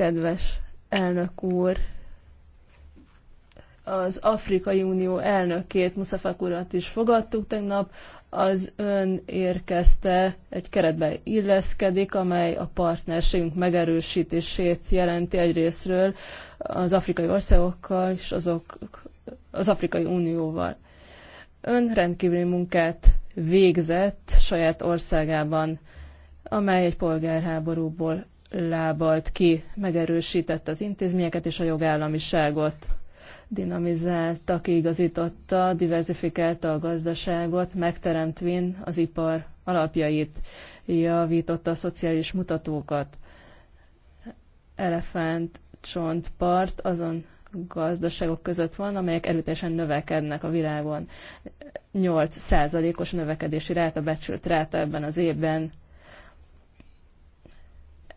Kedves elnök úr, az Afrikai Unió elnökét, Muszafak urat is fogadtuk tegnap, az ön érkezte egy keretbe illeszkedik, amely a partnerségünk megerősítését jelenti egyrésztről az afrikai országokkal és azok, az Afrikai Unióval. Ön rendkívüli munkát végzett saját országában, amely egy polgárháborúból lábalt ki, megerősítette az intézményeket és a jogállamiságot. Dinamizálta, kiigazította, diversifikálta a gazdaságot, megteremtvén az ipar alapjait, javította a szociális mutatókat. Elefánt csontpart azon gazdaságok között van, amelyek erőteljesen növekednek a világon. 8 százalékos növekedési ráta, becsült ráta ebben az évben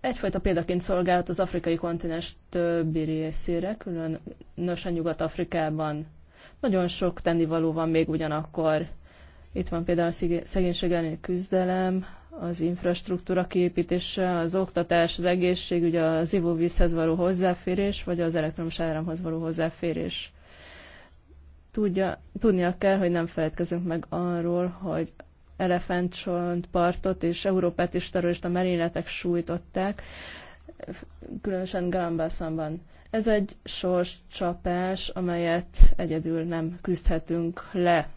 egyfajta példaként szolgálhat az afrikai kontinens többi részére, különösen Nyugat-Afrikában. Nagyon sok tennivaló van még ugyanakkor. Itt van például a szegénység elleni küzdelem, az infrastruktúra kiépítése, az oktatás, az ugye az ivóvízhez való hozzáférés, vagy az elektromos áramhoz való hozzáférés. Tudja, tudnia kell, hogy nem feledkezünk meg arról, hogy elefántcsontpartot és Európát is terrorista merényletek sújtották, különösen Galambászamban. Ez egy sorscsapás, amelyet egyedül nem küzdhetünk le.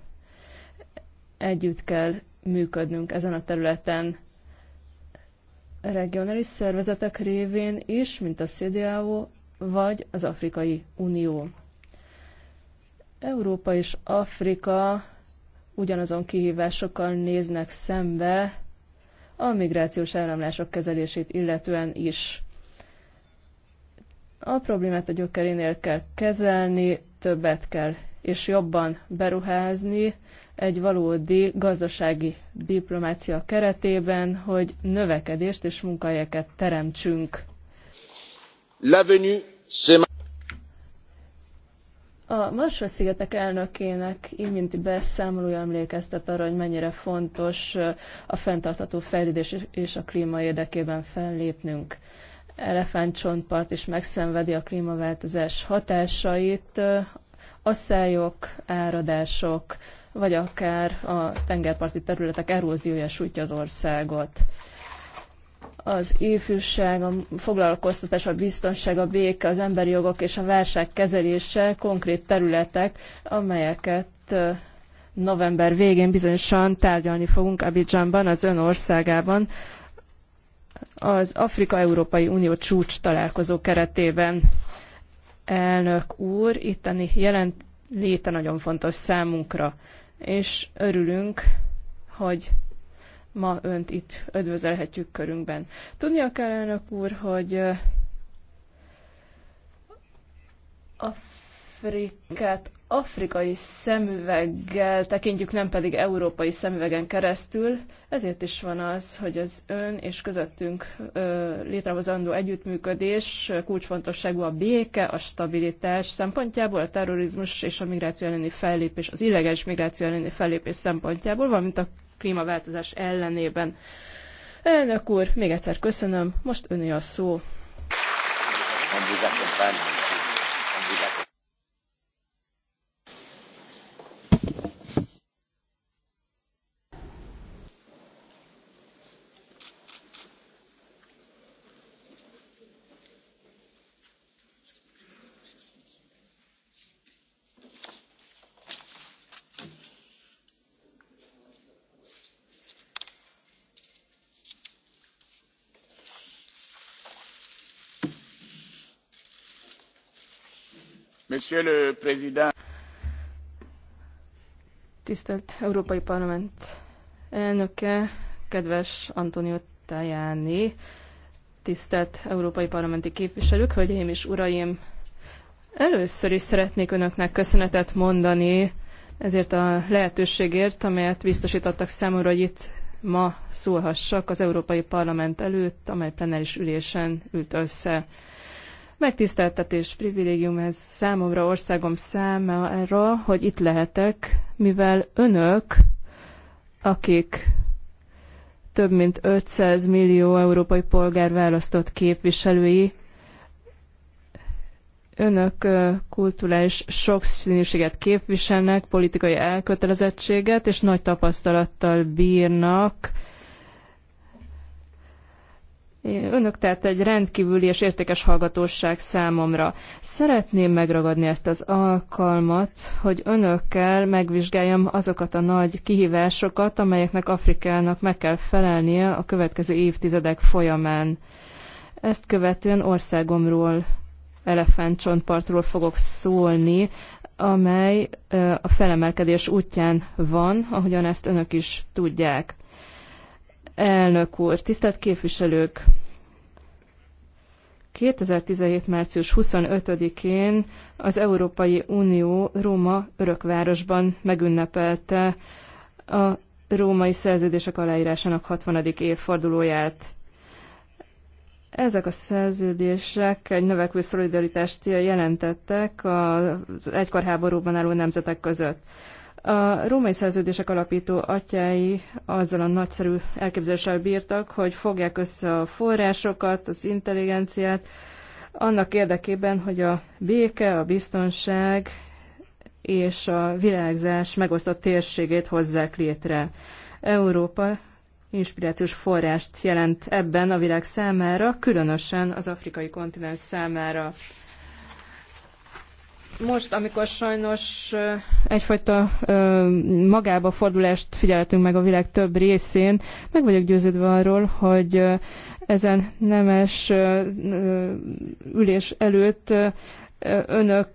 Együtt kell működnünk ezen a területen regionális szervezetek révén is, mint a CDAO vagy az Afrikai Unió. Európa és Afrika ugyanazon kihívásokkal néznek szembe a migrációs áramlások kezelését illetően is. A problémát a gyökerénél kell kezelni, többet kell és jobban beruházni egy valódi gazdasági diplomácia keretében, hogy növekedést és munkahelyeket teremtsünk. A Marshall-szigetek elnökének iminti beszámolója emlékeztet arra, hogy mennyire fontos a fenntartható fejlődés és a klíma érdekében fellépnünk. Elefántcsontpart is megszenvedi a klímaváltozás hatásait, asszályok, áradások, vagy akár a tengerparti területek eróziója sújtja az országot az ifjúság, a foglalkoztatás, a biztonság, a béke, az emberi jogok és a válság kezelése konkrét területek, amelyeket november végén bizonyosan tárgyalni fogunk Abidjanban, az ön országában, az Afrika-Európai Unió csúcs találkozó keretében. Elnök úr, itteni jelent léte nagyon fontos számunkra, és örülünk, hogy ma önt itt ödvözelhetjük körünkben. Tudnia kell önök úr, hogy Afrikát afrikai szemüveggel tekintjük, nem pedig európai szemüvegen keresztül. Ezért is van az, hogy az ön és közöttünk létrehozandó együttműködés kulcsfontosságú a béke, a stabilitás szempontjából, a terrorizmus és a migráció elleni fellépés, az illegális migráció elleni fellépés szempontjából, valamint a klímaváltozás ellenében. Elnök úr, még egyszer köszönöm, most öné a szó. Köszönöm. Tisztelt Európai Parlament elnöke, kedves Antonio Tajani, tisztelt Európai Parlamenti képviselők, hölgyeim és uraim! Először is szeretnék önöknek köszönetet mondani ezért a lehetőségért, amelyet biztosítottak számomra, hogy itt ma szólhassak az Európai Parlament előtt, amely plenáris ülésen ült össze. Megtiszteltetés privilégium ez számomra, országom számára, hogy itt lehetek, mivel önök, akik több mint 500 millió európai polgár választott képviselői, önök kulturális sokszínűséget képviselnek, politikai elkötelezettséget, és nagy tapasztalattal bírnak, Önök tehát egy rendkívüli és értékes hallgatóság számomra. Szeretném megragadni ezt az alkalmat, hogy önökkel megvizsgáljam azokat a nagy kihívásokat, amelyeknek Afrikának meg kell felelnie a következő évtizedek folyamán. Ezt követően országomról, elefántcsontpartról fogok szólni, amely a felemelkedés útján van, ahogyan ezt önök is tudják. Elnök úr, tisztelt képviselők! 2017. március 25-én az Európai Unió Róma örökvárosban megünnepelte a római szerződések aláírásának 60. évfordulóját. Ezek a szerződések egy növekvő szolidaritást jelentettek az egykor háborúban álló nemzetek között. A római szerződések alapító atyái azzal a nagyszerű elképzeléssel bírtak, hogy fogják össze a forrásokat, az intelligenciát, annak érdekében, hogy a béke, a biztonság és a virágzás megosztott térségét hozzák létre. Európa inspirációs forrást jelent ebben a világ számára, különösen az afrikai kontinens számára most, amikor sajnos egyfajta magába fordulást figyelhetünk meg a világ több részén, meg vagyok győződve arról, hogy ezen nemes ülés előtt önök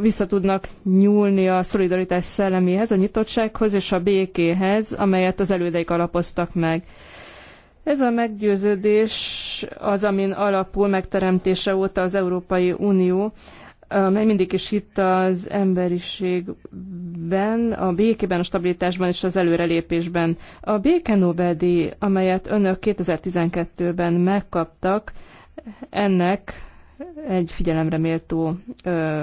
visszatudnak nyúlni a szolidaritás szelleméhez, a nyitottsághoz és a békéhez, amelyet az elődeik alapoztak meg. Ez a meggyőződés az, amin alapul megteremtése óta az Európai Unió, amely mindig is itt az emberiségben, a békében, a stabilitásban és az előrelépésben. A béke nobel amelyet önök 2012-ben megkaptak, ennek egy figyelemre méltó ö,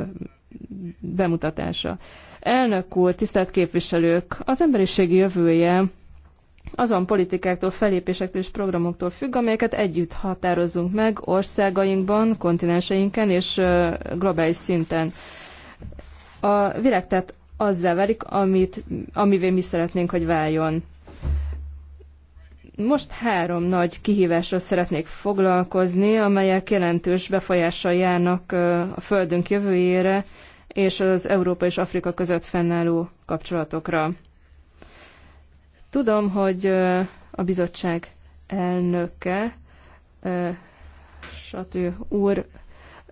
bemutatása. Elnök úr, tisztelt képviselők, az emberiségi jövője azon politikáktól, felépésektől és programoktól függ, amelyeket együtt határozzunk meg országainkban, kontinenseinken és globális szinten. A világ tehát azzá válik, amit, amivé mi szeretnénk, hogy váljon. Most három nagy kihívásra szeretnék foglalkozni, amelyek jelentős befolyással járnak a Földünk jövőjére és az Európa és Afrika között fennálló kapcsolatokra. Tudom, hogy a bizottság elnöke, Satő úr,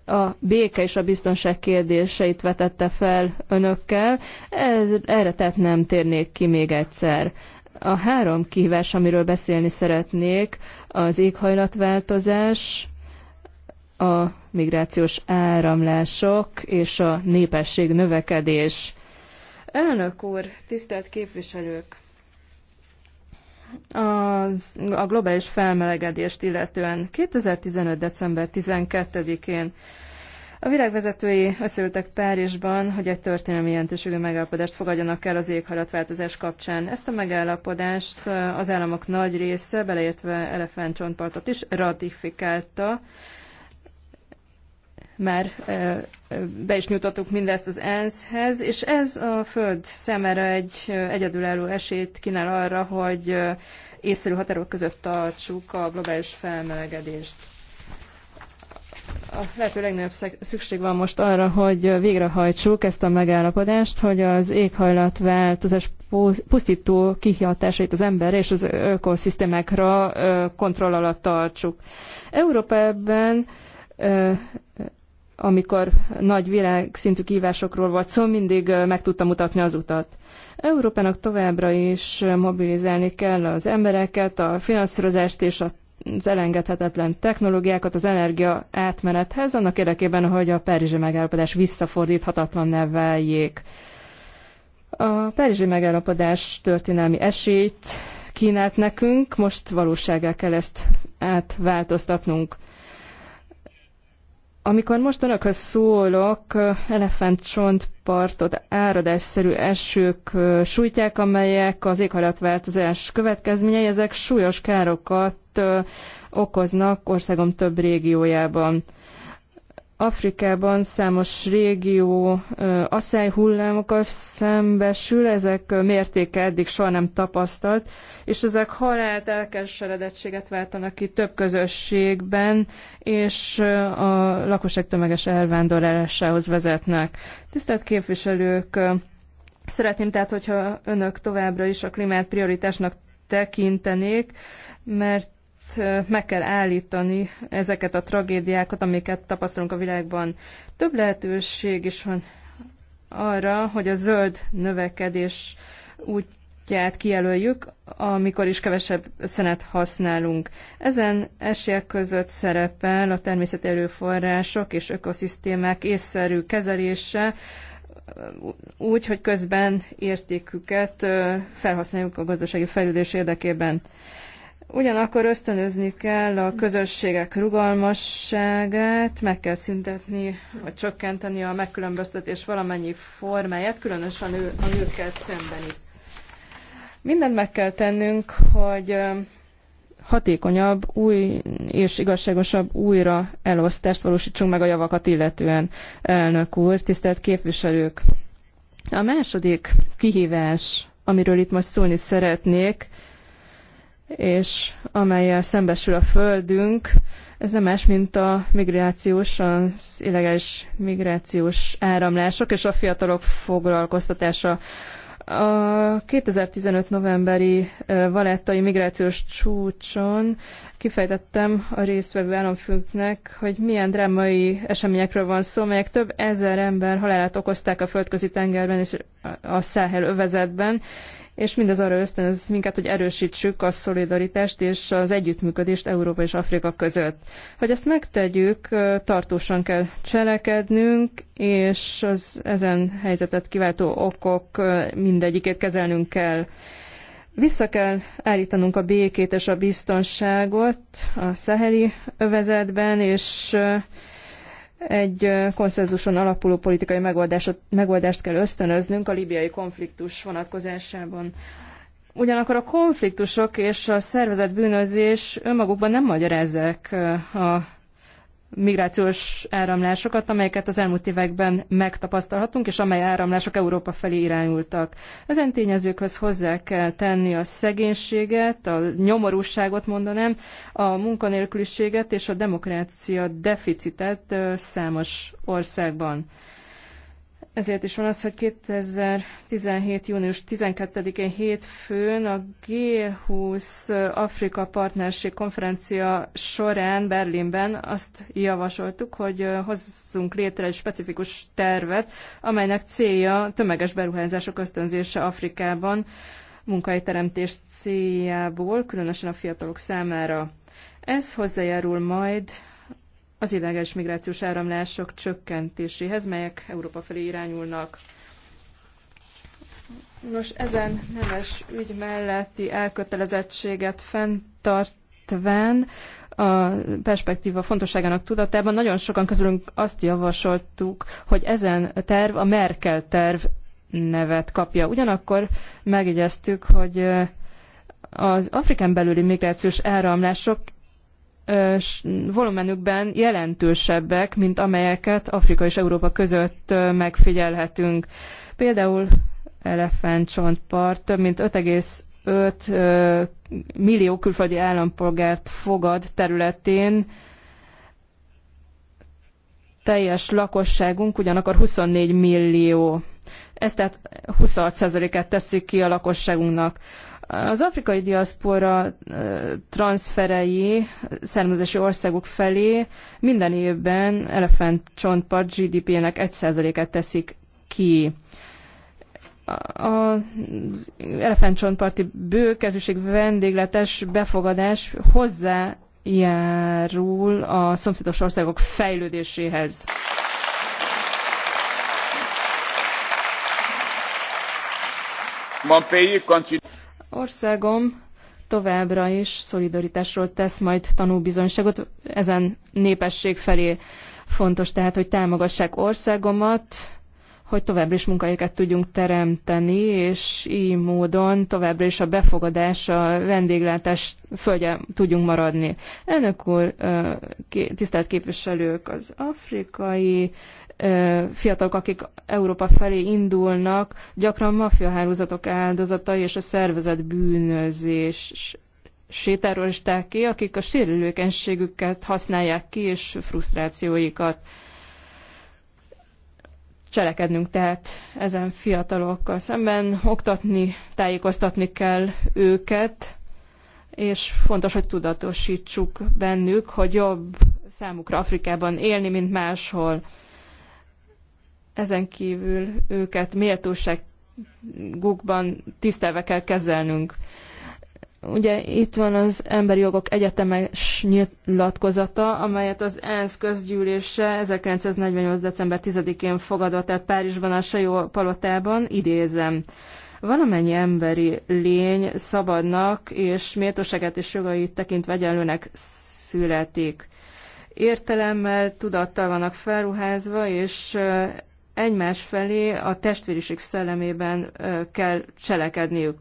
a béke és a biztonság kérdéseit vetette fel önökkel. Ez, erre tehát nem térnék ki még egyszer. A három kihívás, amiről beszélni szeretnék, az éghajlatváltozás, a migrációs áramlások és a népesség növekedés. Elnök úr, tisztelt képviselők! a, a globális felmelegedést illetően 2015. december 12-én a világvezetői összeültek Párizsban, hogy egy történelmi jelentőségű megállapodást fogadjanak el az éghajlatváltozás kapcsán. Ezt a megállapodást az államok nagy része, beleértve Elefántcsontpartot is, ratifikálta, már be is nyújtottuk mindezt az ENSZ-hez, és ez a Föld szemére egy egyedülálló esélyt kínál arra, hogy észszerű határok között tartsuk a globális felmelegedést. A lehető legnagyobb szükség van most arra, hogy végrehajtsuk ezt a megállapodást, hogy az éghajlatváltozás pusztító kihatásait az ember és az ökoszisztémákra kontroll alatt tartsuk. Európában amikor nagy világszintű kívásokról volt szó, mindig meg tudta mutatni az utat. Európának továbbra is mobilizálni kell az embereket, a finanszírozást és az elengedhetetlen technológiákat az energia átmenethez, annak érdekében, hogy a Párizsi megállapodás visszafordíthatatlan váljék. A Párizsi megállapodás történelmi esélyt kínált nekünk, most valóságá kell ezt átváltoztatnunk. Amikor most önökhöz szólok, elefántcsontpartot áradásszerű esők sújtják, amelyek az éghajlatváltozás következményei, ezek súlyos károkat okoznak országom több régiójában. Afrikában számos régió asszályhullámokkal szembesül, ezek mértéke eddig soha nem tapasztalt, és ezek halált, elkeseredettséget váltanak ki több közösségben, és a lakosság tömeges elvándorlásához vezetnek. Tisztelt képviselők, szeretném tehát, hogyha önök továbbra is a klímát prioritásnak tekintenék, mert meg kell állítani ezeket a tragédiákat, amiket tapasztalunk a világban. Több lehetőség is van arra, hogy a zöld növekedés úgy útját kijelöljük, amikor is kevesebb szenet használunk. Ezen esélyek között szerepel a természet erőforrások és ökoszisztémák észszerű kezelése, úgy, hogy közben értéküket felhasználjuk a gazdasági fejlődés érdekében. Ugyanakkor ösztönözni kell a közösségek rugalmasságát, meg kell szüntetni, vagy csökkenteni a megkülönböztetés valamennyi formáját, különösen a, nőkkel szembeni. Mindent meg kell tennünk, hogy hatékonyabb, új és igazságosabb újra elosztást valósítsunk meg a javakat illetően, elnök úr, tisztelt képviselők. A második kihívás, amiről itt most szólni szeretnék, és amelyel szembesül a földünk, ez nem más, mint a migrációs, az illegális migrációs áramlások és a fiatalok foglalkoztatása. A 2015 novemberi valettai migrációs csúcson kifejtettem a résztvevő államfőnknek, hogy milyen drámai eseményekről van szó, melyek több ezer ember halálát okozták a földközi tengerben és a Száhel övezetben, és mindez arra ösztönöz minket, hogy erősítsük a szolidaritást és az együttműködést Európa és Afrika között. Hogy ezt megtegyük, tartósan kell cselekednünk, és az ezen helyzetet kiváltó okok mindegyikét kezelnünk kell. Vissza kell állítanunk a békét és a biztonságot a szeheli övezetben, és egy konszenzuson alapuló politikai megoldást, megoldást kell ösztönöznünk a libiai konfliktus vonatkozásában. Ugyanakkor a konfliktusok és a szervezett bűnözés önmagukban nem magyarázzák a migrációs áramlásokat, amelyeket az elmúlt években megtapasztalhatunk, és amely áramlások Európa felé irányultak. Ezen tényezőkhöz hozzá kell tenni a szegénységet, a nyomorúságot mondanám, a munkanélküliséget és a demokrácia deficitet számos országban. Ezért is van az, hogy 2017. június 12-én hétfőn a G20 Afrika Partnerség konferencia során Berlinben azt javasoltuk, hogy hozzunk létre egy specifikus tervet, amelynek célja tömeges beruházások ösztönzése Afrikában teremtés céljából, különösen a fiatalok számára. Ez hozzájárul majd az illegális migrációs áramlások csökkentéséhez, melyek Európa felé irányulnak. Nos, ezen nemes ügy melletti elkötelezettséget fenntartván a perspektíva fontosságának tudatában nagyon sokan közülünk azt javasoltuk, hogy ezen terv a Merkel terv nevet kapja. Ugyanakkor megjegyeztük, hogy az Afrikán belüli migrációs áramlások volumenükben jelentősebbek, mint amelyeket Afrika és Európa között megfigyelhetünk. Például elefántcsontpart több mint 5,5 millió külföldi állampolgárt fogad területén, teljes lakosságunk ugyanakkor 24 millió. Ez tehát 26%-át teszik ki a lakosságunknak. Az afrikai diaszpora transferei származási országok felé minden évben elefánt csontpart GDP-nek 1%-át teszik ki. Az elefántcsontparti bőkezűség vendégletes befogadás hozzájárul a szomszédos országok fejlődéséhez. Mon pays continue. Országom továbbra is szolidaritásról tesz majd tanúbizonyságot ezen népesség felé. Fontos tehát, hogy támogassák országomat, hogy továbbra is munkahelyeket tudjunk teremteni, és így módon továbbra is a befogadás, a vendéglátás földje tudjunk maradni. Elnök úr, tisztelt képviselők, az afrikai fiatalok, akik Európa felé indulnak, gyakran maffiahálózatok áldozatai és a szervezet bűnözés sétárolisták ki, akik a sérülőkenységüket használják ki, és frusztrációikat cselekednünk tehát ezen fiatalokkal szemben, oktatni, tájékoztatni kell őket, és fontos, hogy tudatosítsuk bennük, hogy jobb számukra Afrikában élni, mint máshol ezen kívül őket méltóságukban tisztelve kell kezelnünk. Ugye itt van az Emberi Jogok Egyetemes nyilatkozata, amelyet az ENSZ közgyűlése 1948. december 10-én fogadott el Párizsban a Sajó palotában, idézem. Valamennyi emberi lény szabadnak és méltóságát és jogait tekintve egyenlőnek születik értelemmel, tudattal vannak felruházva, és egymás felé a testvériség szellemében kell cselekedniük.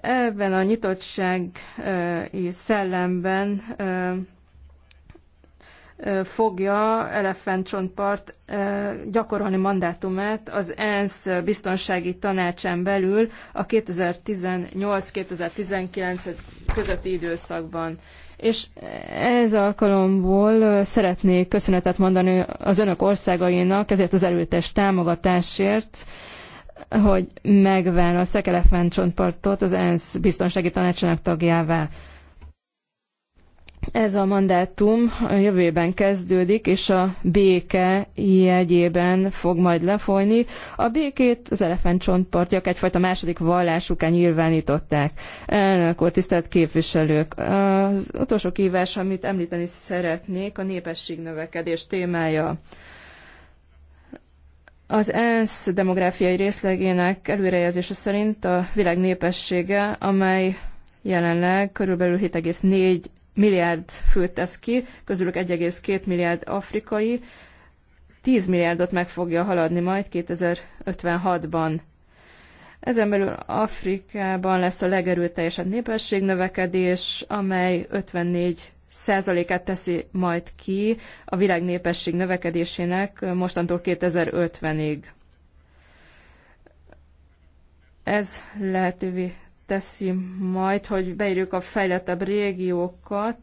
Ebben a nyitottság szellemben fogja Elefántcsontpart gyakorolni mandátumát az ENSZ biztonsági tanácsán belül a 2018-2019 közötti időszakban és ez alkalomból szeretnék köszönetet mondani az önök országainak ezért az erőtes támogatásért, hogy megvál a Szekelefán csontpartot az ENSZ biztonsági tanácsának tagjává. Ez a mandátum a jövőben kezdődik, és a béke jegyében fog majd lefolyni. A békét az elefántcsontpartjak egyfajta második vallásukán nyilvánították. Elnök úr, tisztelt képviselők! Az utolsó kívás, amit említeni szeretnék, a népesség növekedés témája. Az ENSZ demográfiai részlegének előrejelzése szerint a világ népessége, amely jelenleg körülbelül 7,4 milliárd főt tesz ki, közülük 1,2 milliárd afrikai, 10 milliárdot meg fogja haladni majd 2056-ban. Ezen belül Afrikában lesz a legerőteljesebb népességnövekedés, amely 54 százalékát teszi majd ki a világ népesség növekedésének mostantól 2050-ig. Ez lehetővé teszi majd, hogy beírjuk a fejlettebb régiókat.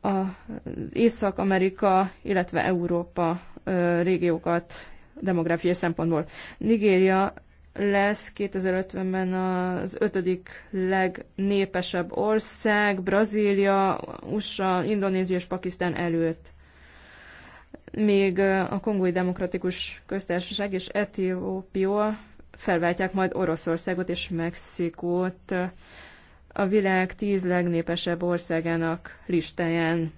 Az Észak-Amerika, illetve Európa régiókat demográfiai szempontból. Nigéria lesz 2050-ben az ötödik legnépesebb ország, Brazília, USA, Indonézia és Pakisztán előtt. Még a Kongói Demokratikus Köztársaság és Etiópia felváltják majd Oroszországot és Mexikót a világ tíz legnépesebb országának listáján.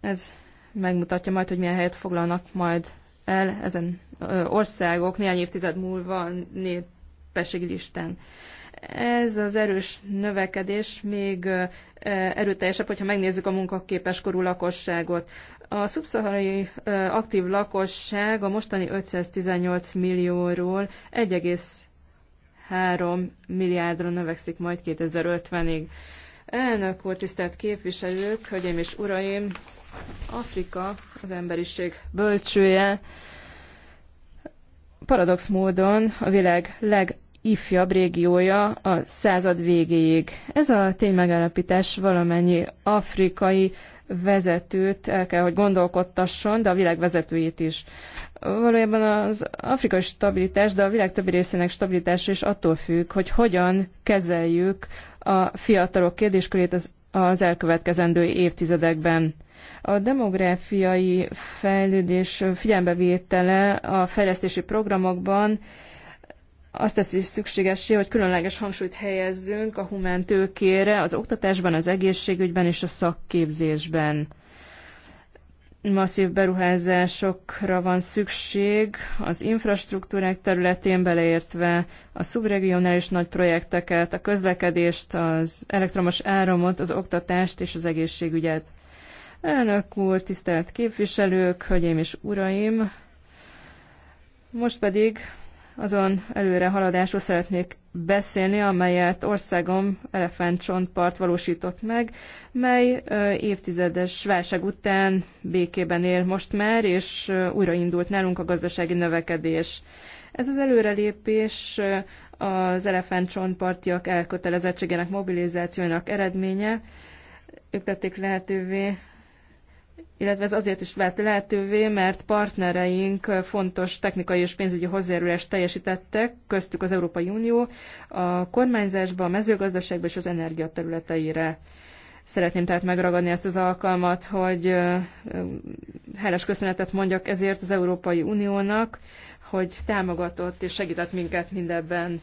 Ez megmutatja majd, hogy milyen helyet foglalnak majd el ezen országok néhány évtized múlva népességi listán. Ez az erős növekedés még erőteljesebb, hogyha megnézzük a munkaképes korú lakosságot. A szubszaharai aktív lakosság a mostani 518 millióról 1,3 milliárdra növekszik majd 2050-ig. Elnök úr, tisztelt képviselők, hölgyeim és uraim, Afrika az emberiség bölcsője. Paradox módon a világ leg ifjabb régiója a század végéig. Ez a ténymegállapítás valamennyi afrikai vezetőt el kell, hogy gondolkodtasson, de a világ vezetőjét is. Valójában az afrikai stabilitás, de a világ többi részének stabilitása is attól függ, hogy hogyan kezeljük a fiatalok kérdéskörét az az elkövetkezendő évtizedekben. A demográfiai fejlődés figyelembevétele a fejlesztési programokban azt teszi szükségessé, hogy különleges hangsúlyt helyezzünk a humán tőkére az oktatásban, az egészségügyben és a szakképzésben. Masszív beruházásokra van szükség az infrastruktúrák területén beleértve a szubregionális nagy projekteket, a közlekedést, az elektromos áramot, az oktatást és az egészségügyet. Elnök úr, tisztelt képviselők, hölgyeim és uraim! Most pedig azon előre haladásról szeretnék beszélni, amelyet országom elefántcsontpart valósított meg, mely évtizedes válság után békében él most már, és újraindult nálunk a gazdasági növekedés. Ez az előrelépés az elefántcsontpartiak elkötelezettségének mobilizációjának eredménye, ők tették lehetővé illetve ez azért is vált lehetővé, mert partnereink fontos technikai és pénzügyi hozzájárulást teljesítettek, köztük az Európai Unió, a kormányzásba, a mezőgazdaságba és az energia területeire. Szeretném tehát megragadni ezt az alkalmat, hogy helyes köszönetet mondjak ezért az Európai Uniónak, hogy támogatott és segített minket mindebben.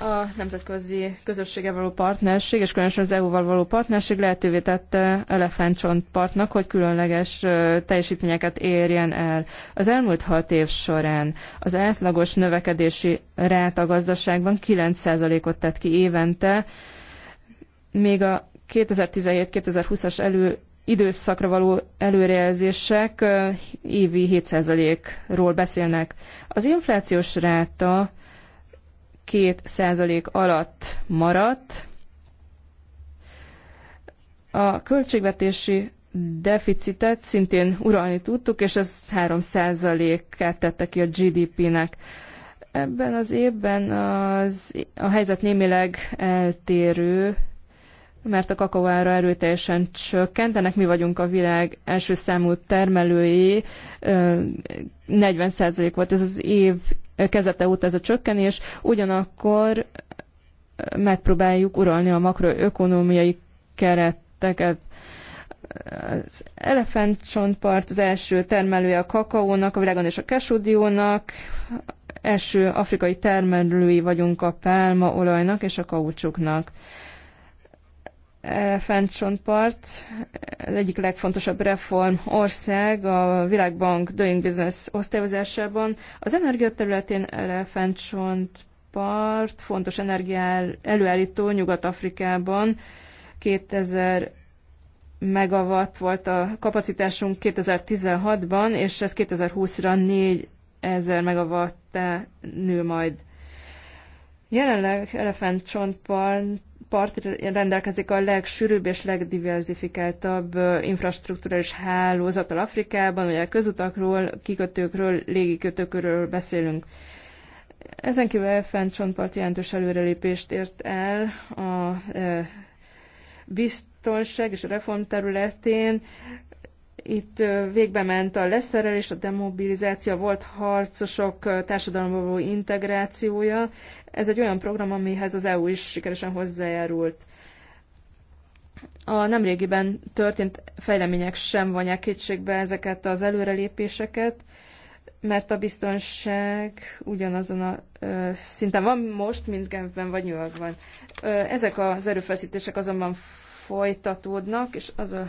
A nemzetközi közössége való partnerség, és különösen az EU-val való partnerség lehetővé tette Elefántcsont partnak, hogy különleges teljesítményeket érjen el. Az elmúlt hat év során az átlagos növekedési ráta gazdaságban 9%-ot tett ki évente, még a 2017-2020-as elő, időszakra való előrejelzések évi 7%-ról beszélnek. Az inflációs ráta 2% alatt maradt. A költségvetési deficitet szintén uralni tudtuk, és ez 3%-át tette ki a GDP-nek. Ebben az évben az, a helyzet némileg eltérő, mert a kakaóára erőteljesen csökkent, ennek mi vagyunk a világ első számú termelői, 40% volt ez az év kezdete óta ez a csökkenés, ugyanakkor megpróbáljuk uralni a makroökonomiai kereteket az elefántcsontpart az első termelője a kakaónak, a világon és a kesúdiónak, első afrikai termelői vagyunk a pálmaolajnak és a kaucsuknak. Fentsonpart, az egyik legfontosabb reform ország a Világbank Doing Business osztályozásában. Az energia területén Elefántcsontpart fontos energia előállító Nyugat-Afrikában 2000 megawatt volt a kapacitásunk 2016-ban, és ez 2020-ra 4000 megawatt nő majd. Jelenleg Elefántcsontpart part rendelkezik a legsűrűbb és legdiverzifikáltabb infrastruktúrális hálózattal Afrikában, ugye közutakról, kikötőkről, légikötőkről beszélünk. Ezen kívül a csontpart jelentős előrelépést ért el a biztonság és a reform területén itt végbe ment a leszerelés, a demobilizáció, volt harcosok társadalomba való integrációja. Ez egy olyan program, amihez az EU is sikeresen hozzájárult. A nemrégiben történt fejlemények sem vonják kétségbe ezeket az előrelépéseket, mert a biztonság ugyanazon a ö, szinten van most, mint Genfben vagy New Yorkban. Ö, ezek az erőfeszítések azonban folytatódnak, és az a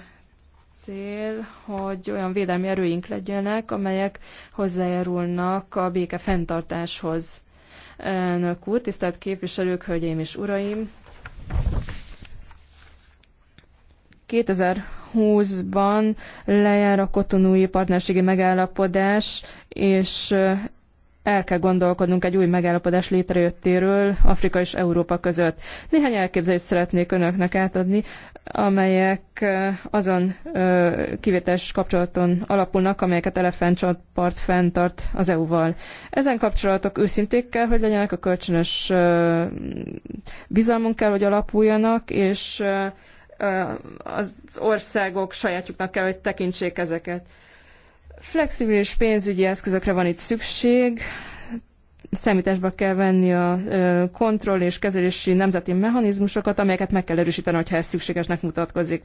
cél, hogy olyan védelmi erőink legyenek, amelyek hozzájárulnak a béke fenntartáshoz. Elnök úr, tisztelt képviselők, hölgyeim és uraim! 2020-ban lejár a kotonúi partnerségi megállapodás, és el kell gondolkodnunk egy új megállapodás létrejöttéről Afrika és Európa között. Néhány elképzelést szeretnék önöknek átadni, amelyek azon kivételes kapcsolaton alapulnak, amelyeket elefántcsontpart fenntart az EU-val. Ezen kapcsolatok őszinték kell, hogy legyenek, a kölcsönös bizalmunk kell, hogy alapuljanak, és az országok sajátjuknak kell, hogy tekintsék ezeket. Flexibilis pénzügyi eszközökre van itt szükség, számításba kell venni a kontroll és kezelési nemzeti mechanizmusokat, amelyeket meg kell erősíteni, hogyha ez szükségesnek mutatkozik.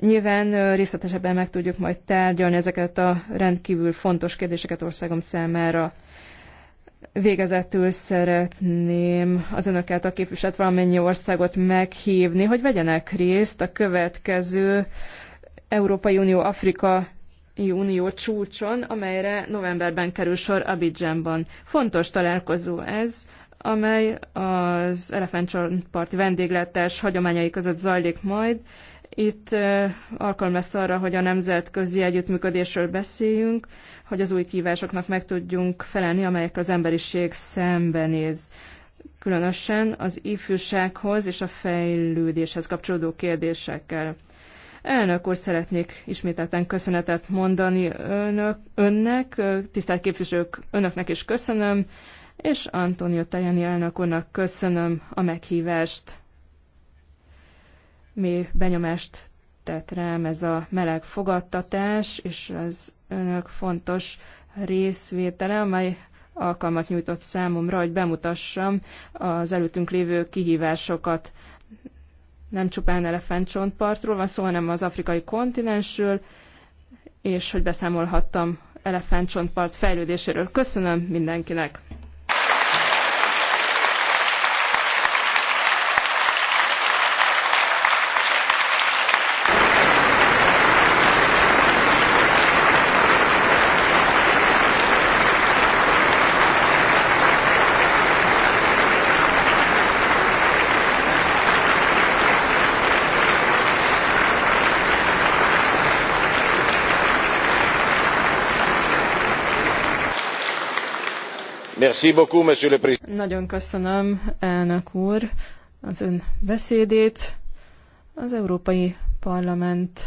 Nyilván részletesebben meg tudjuk majd tárgyalni ezeket a rendkívül fontos kérdéseket országom számára. Végezetül szeretném az önöket a képviselt valamennyi országot meghívni, hogy vegyenek részt a következő Európai Unió Afrika Unió csúcson, amelyre novemberben kerül sor Abidjanban. Fontos találkozó ez, amely az elefántcsontparti vendéglátás hagyományai között zajlik majd. Itt alkalom lesz arra, hogy a nemzetközi együttműködésről beszéljünk, hogy az új kívásoknak meg tudjunk felelni, amelyek az emberiség szembenéz különösen az ifjúsághoz és a fejlődéshez kapcsolódó kérdésekkel. Elnök úr, szeretnék ismételten köszönetet mondani önök, önnek, tisztelt képviselők, önöknek is köszönöm, és Antonio Tajani elnök úrnak köszönöm a meghívást. Mi benyomást tett rám ez a meleg fogadtatás, és az önök fontos részvétele, amely alkalmat nyújtott számomra, hogy bemutassam az előttünk lévő kihívásokat nem csupán elefántcsontpartról van szó, hanem az afrikai kontinensről, és hogy beszámolhattam elefántcsontpart fejlődéséről. Köszönöm mindenkinek! Nagyon köszönöm, elnök úr, az ön beszédét. Az Európai Parlament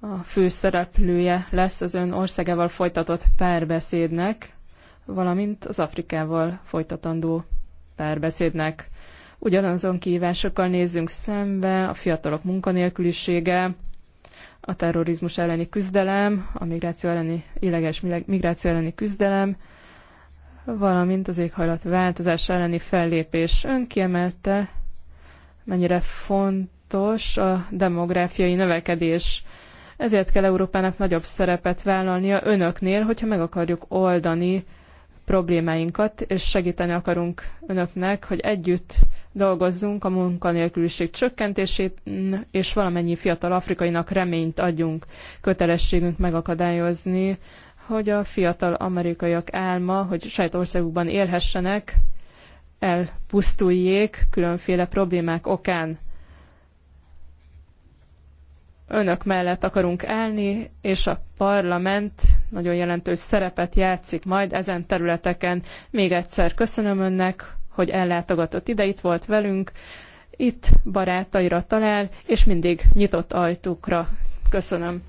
a főszereplője lesz az ön országával folytatott párbeszédnek, valamint az Afrikával folytatandó párbeszédnek. Ugyanazon kihívásokkal nézzünk szembe, a fiatalok munkanélkülisége, a terrorizmus elleni küzdelem, a migráció elleni, illegális migráció elleni küzdelem, valamint az éghajlat változás elleni fellépés. Ön kiemelte, mennyire fontos a demográfiai növekedés. Ezért kell Európának nagyobb szerepet vállalnia önöknél, hogyha meg akarjuk oldani problémáinkat, és segíteni akarunk önöknek, hogy együtt dolgozzunk a munkanélküliség csökkentését, és valamennyi fiatal afrikainak reményt adjunk. Kötelességünk megakadályozni, hogy a fiatal amerikaiak álma, hogy saját országukban élhessenek, elpusztuljék különféle problémák okán. Önök mellett akarunk állni, és a parlament nagyon jelentős szerepet játszik majd ezen területeken. Még egyszer köszönöm önnek, hogy ellátogatott ide, itt volt velünk, itt barátaira talál, és mindig nyitott ajtókra. Köszönöm.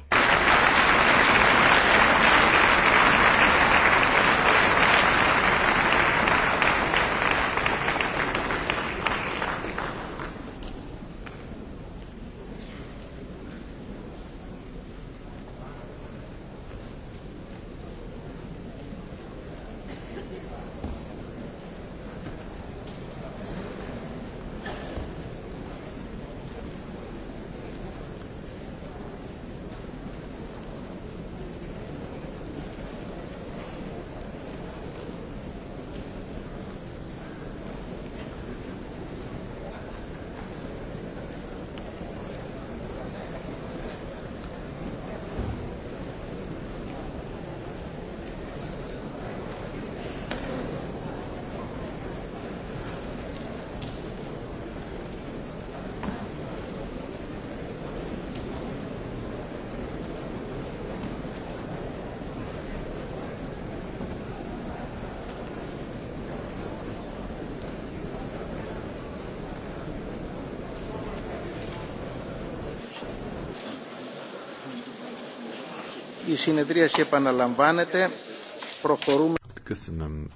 Köszönöm.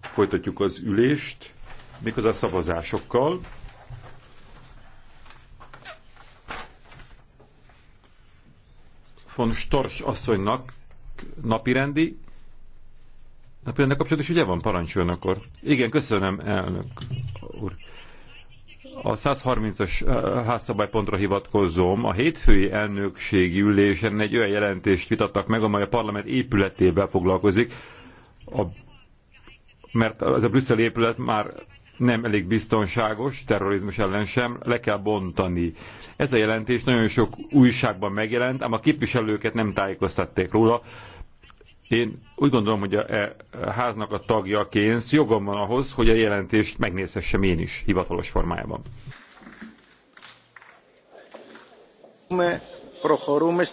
Folytatjuk az ülést, méghozzá szavazásokkal. Von Storch asszonynak napirendi Napirendel kapcsolatos ugye van, parancsoljon akkor. Igen, köszönöm, elnök úr a 130-as házszabálypontra hivatkozom, a hétfői elnökségi ülésen egy olyan jelentést vitattak meg, amely a parlament épületével foglalkozik, a, mert ez a brüsszeli épület már nem elég biztonságos, terrorizmus ellen sem, le kell bontani. Ez a jelentés nagyon sok újságban megjelent, ám a képviselőket nem tájékoztatták róla, én úgy gondolom, hogy a, e, a háznak a kénz, jogom van ahhoz, hogy a jelentést megnézhessem én is hivatalos formájában.